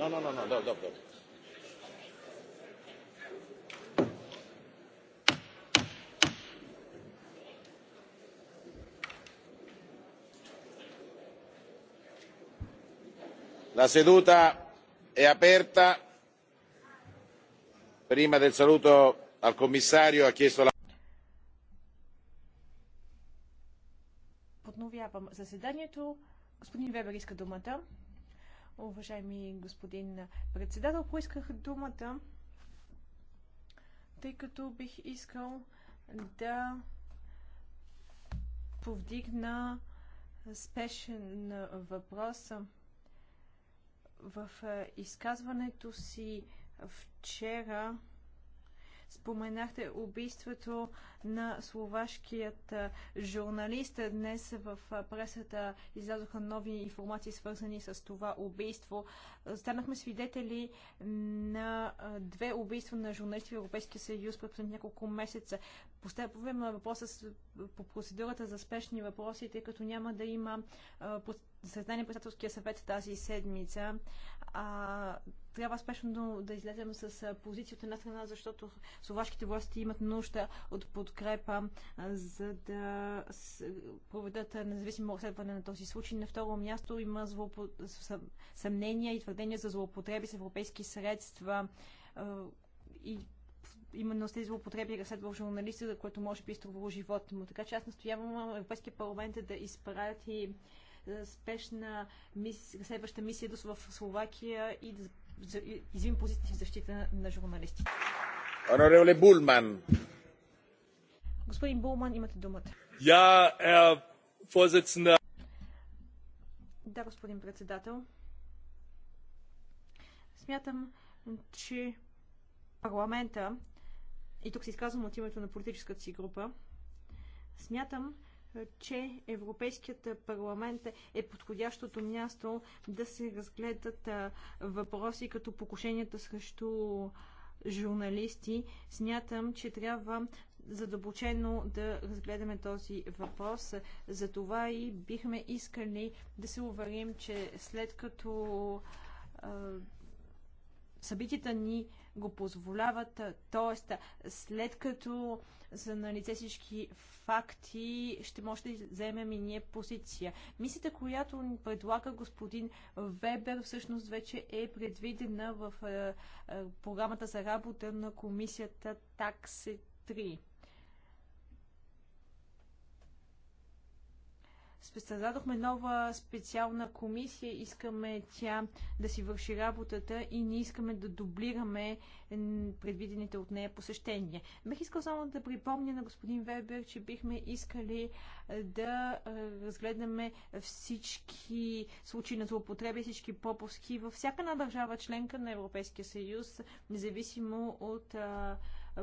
No, no, no, no, dob, dob, dob. La seduta è aperta. Prima del saluto al commissario ha chiesto la Подновявам заседанието. Господин Вебер иска думата уважаеми господин председател. Поисках думата, тъй като бих искал да повдигна спешен въпрос. В е, изказването си вчера Споменахте убийството на словашкият журналист. Днес в пресата излязоха нови информации, свързани с това убийство. Станахме свидетели на две убийства на журналисти в Европейския съюз през няколко месеца. Постъпваме въпроса с, по процедурата за спешни въпроси, тъй като няма да има заседание председателския съвет тази седмица. А, трябва спешно да излезем с позиция от една страна, защото словашките власти имат нужда от подкрепа, за да проведат независимо разследване на този случай. На второ място има злопо съмнения и твърдения за злоупотреби с европейски средства и именно с тези злоупотреби разследва журналиста, за което може би изтрувало е живота му. Така че аз настоявам Европейския парламент да изпрати е, спешна мис... разследваща мисия до в Словакия и да извим позиция в защита на журналистите. Honorable Булман. Господин Булман, имате думата. Я, е, Да, господин председател. Смятам, че парламента и тук се изказвам от името на политическата си група, смятам, е, че Европейският парламент е подходящото място да се разгледат е, въпроси като покушенията срещу журналисти. Смятам, че трябва задълбочено да разгледаме този въпрос. За това и бихме искали да се уверим, че след като е, събитията ни го позволяват. Тоест, след като са на лице всички факти, ще може да вземем и ние позиция. Мисията, която ни предлага господин Вебер, всъщност вече е предвидена в е, е, програмата за работа на комисията Таксе 3. Създадохме нова специална комисия, искаме тя да си върши работата и не искаме да дублираме предвидените от нея посещения. Бих искал само да припомня на господин Вебер, че бихме искали е, да е, разгледаме всички случаи на злоупотреби, всички пропуски във всяка една държава членка на Европейския съюз, независимо от е,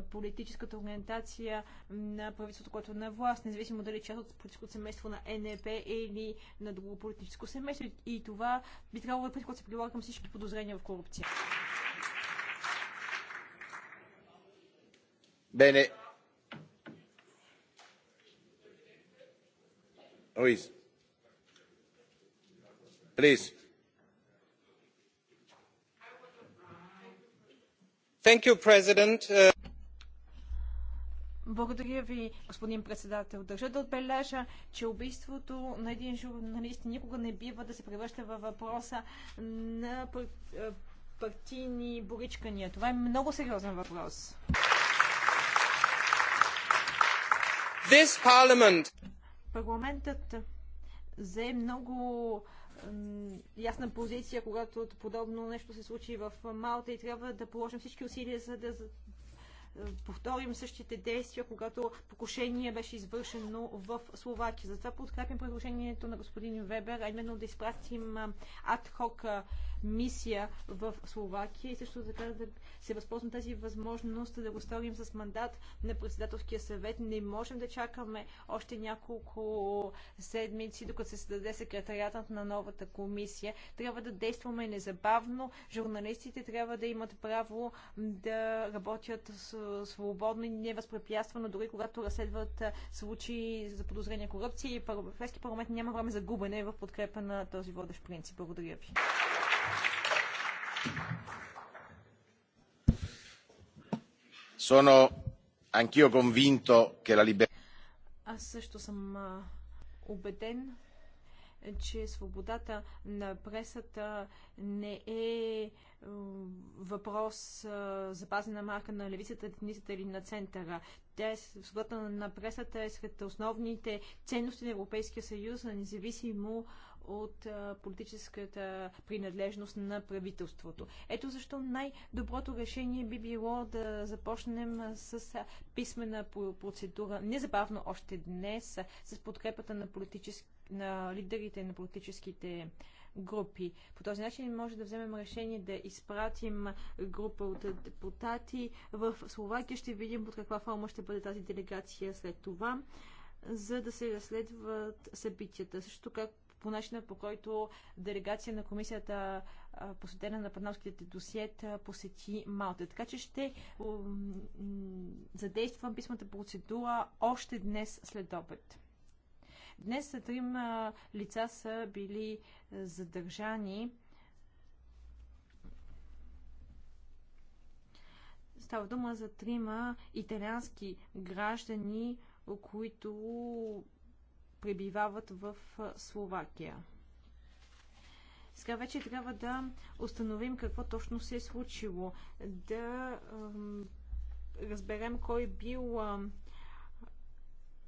политическата ориентация на правителството, което е на власт, независимо дали е част от политическото семейство на НЕП или на друго политическо семейство. И това би трябвало да е път, което се прилага към всички подозрения в корупция. Bene. Ruiz. Please. Thank you, President. Uh... Благодаря ви, господин председател. Държа да отбележа, че убийството на един журналист никога не бива да се превръща във въпроса на е, партийни боричкания. Това е много сериозен въпрос. This parliament. Парламентът взе много ясна позиция, когато подобно нещо се случи в Малта и трябва да положим всички усилия, за да повторим същите действия, когато покушение беше извършено в Словакия. Затова подкрепям предложението на господин Вебер, а именно да изпратим адхок мисия в Словакия и също така да се възползвам тази възможност да го сторим с мандат на председателския съвет. Не можем да чакаме още няколко седмици, докато се създаде секретариатът на новата комисия. Трябва да действаме незабавно. Журналистите трябва да имат право да работят свободно и невъзпрепятствано, дори когато разследват случаи за подозрение корупция. И Европейски парламент няма време за губене в подкрепа на този водещ принцип. Благодаря ви. Sono anch'io convinto che la libertà. Аз също съм убеден, че свободата на пресата не е въпрос за пазена марка на левицата, десницата или на центъра. Тя е, свободата на пресата е сред основните ценности на Европейския съюз, независимо от политическата принадлежност на правителството. Ето защо най-доброто решение би било да започнем с писмена процедура незабавно още днес с подкрепата на, на лидерите на политическите групи. По този начин може да вземем решение да изпратим група от депутати в Словакия. Ще видим под каква форма ще бъде тази делегация след това, за да се разследват събитията. Също как по начина по който делегация на комисията посветена на панамските досиета посети Малта. Така че ще задействам писмата процедура още днес след обед. Днес трима лица са били задържани. Става дума за трима италиански граждани, които пребивават в Словакия. Сега вече трябва да установим какво точно се е случило, да разберем кой бил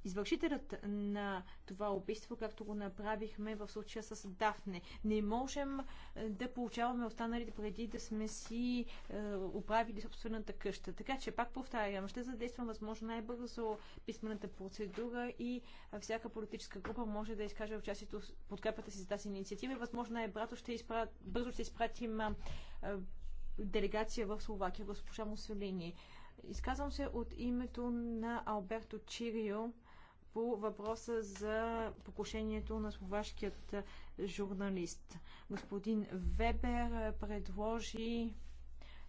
извършителят на това убийство, както го направихме в случая с Дафне. Не можем е, да получаваме останалите преди да сме си е, управили собствената къща. Така че, пак повтарям, ще задействам възможно най-бързо писмената процедура и е, всяка политическа група може да изкаже участието, подкрепата си за тази инициатива и възможно най-бързо ще, изпра... бързо ще изпратим е, делегация в Словакия, госпожа Мусолини. Изказвам се от името на Алберто Чирио, по въпроса за покушението на словашкият журналист. Господин Вебер предложи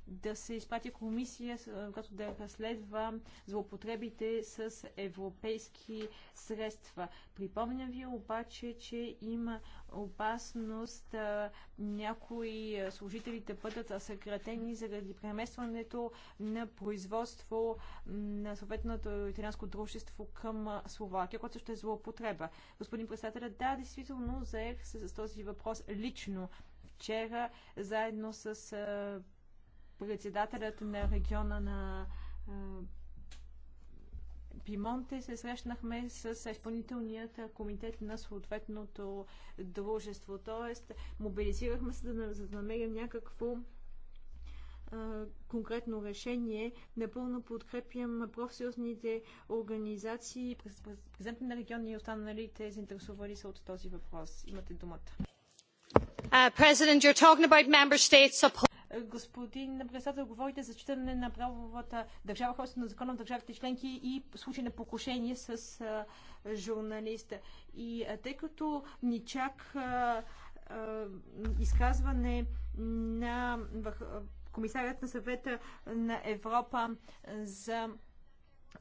да се изпрати комисия, която да разследва злоупотребите с европейски средства. Припомням ви обаче, че има опасност а, някои служители да бъдат съкратени заради преместването на производство на съответното италианско дружество към Словакия, което ще е злоупотреба. Господин председател, да, действително заех се с този въпрос лично вчера, заедно с а, председателят на региона на Пимонте се срещнахме с изпълнителният комитет на съответното дружество. Тоест, мобилизирахме се, да, за да намерим някакво конкретно решение. Напълно подкрепям профсъюзните организации, президента на региона и останалите заинтересували се от този въпрос. Имате думата. Uh, господин председател, говорите за читане на правовата държава, хората на закона на държавите членки и случай на покушение с а, журналиста. И а, тъй като ни чак а, а, изказване на комисарят на съвета на Европа за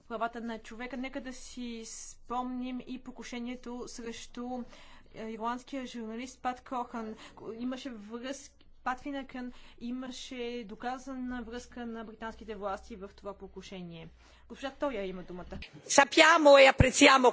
правата на човека, нека да си спомним и покушението срещу ирландския журналист Пат Кохан. Имаше връзка Патвинакън имаше доказана връзка на британските власти в това покушение. Госпожа Тоя има думата. Сапямо и апрециямо.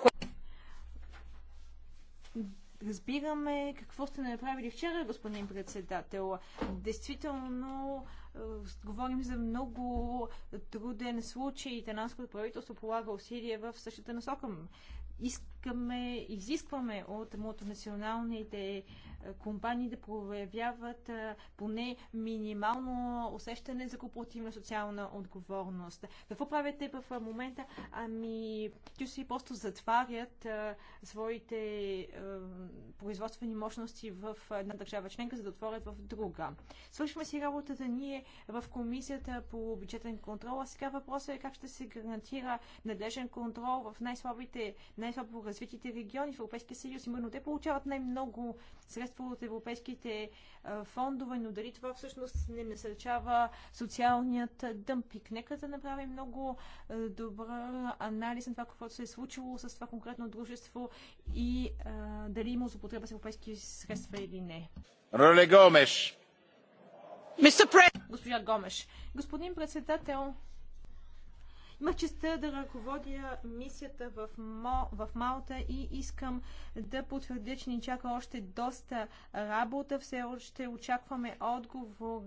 Разбираме какво сте направили вчера, господин председател. Действително, е, говорим за много труден случай. Италянското правителство полага усилия в същата насока. Иск искаме, изискваме от мултонационалните е, компании да проявяват е, поне минимално усещане за корпоративна социална отговорност. Какво правите те в е, момента? Ами, си просто затварят своите производствени мощности в една държава членка, за да отворят в друга. Свършваме си работата ние в комисията по бюджетен контрол, а сега въпросът е как ще се гарантира надлежен контрол в най-слабите, най-слабо развитите региони в Европейския съюз. Именно те получават най-много средства от европейските фондове, но дали това всъщност не насърчава социалният дъмпик? Нека да направим много добър анализ на това, каквото се е случило с това конкретно дружество и а, дали има злоупотреба с европейски средства или не. Роле Гомеш! Госпожа Гомеш, господин председател, има честа да ръководя мисията в, Мо, в Малта и искам да потвърдя, че ни чака още доста работа. Все още очакваме отговор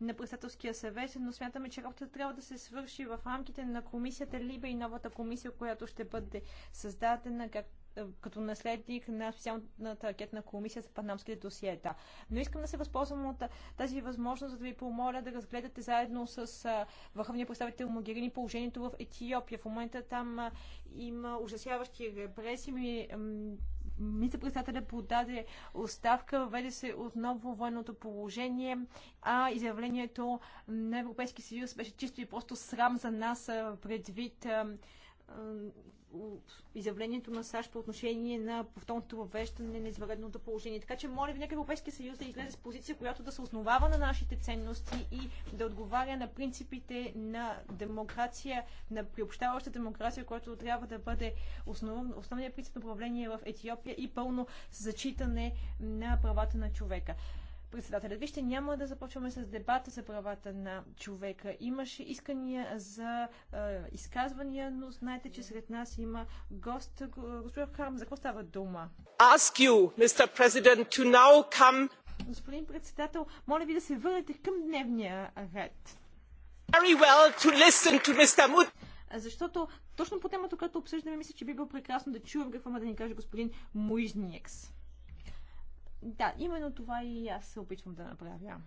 на председателския съвет, но смятаме, че работата трябва да се свърши в рамките на комисията либо и новата комисия, която ще бъде създадена, както като наследник на специалната ракетна комисия за панамските досиета. Но искам да се възползвам от тази възможност, за да ви помоля да разгледате заедно с върховния представител Могерини положението в Етиопия. В момента там има ужасяващи репресии. Мисля, председателя подаде оставка, введе се отново военното положение, а изявлението на Европейския съюз беше чисто и просто срам за нас предвид изявлението на САЩ по отношение на повторното въвеждане на извънредното положение. Така че, моля ви, нека Европейския съюз да излезе с позиция, която да се основава на нашите ценности и да отговаря на принципите на демокрация, на приобщаваща демокрация, която трябва да бъде основ, основният принцип на управление в Етиопия и пълно зачитане на правата на човека председателят. Вижте, няма да започваме с дебата за правата на човека. Имаше искания за е, изказвания, но знаете, че сред нас има гост. Господин Харм, за какво става дума? Ask you, Mr. President, to now come... Господин председател, моля ви да се върнете към дневния ред. Very well to listen to Mr. Mut... Защото точно по темата, която обсъждаме, мисля, че би било прекрасно да чуем какво има да ни каже господин Муижниекс. Да, именно това и аз се опитвам да направя.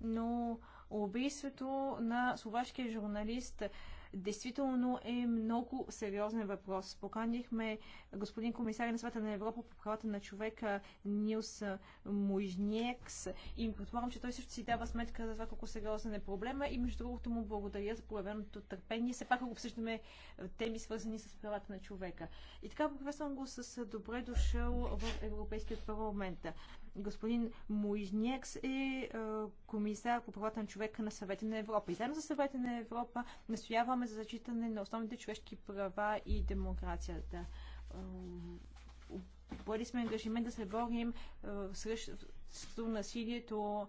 Но убийството на словашкия журналист действително е много сериозен въпрос. Поканихме господин комисар на света на Европа по правата на човека Нилс Муижниекс и предполагам, че той също си дава сметка за това колко сериозен е проблема и между другото му благодаря за проявеното търпение. Все пак обсъждаме теми свързани с правата на човека. И така приветствам го с добре дошъл в Европейския парламент господин Моизнекс е комисар по правата на човека на съвета на Европа. И заедно за съвета на Европа настояваме за зачитане на основните човешки права и демокрацията. Поели сме ангажимент да се борим срещу насилието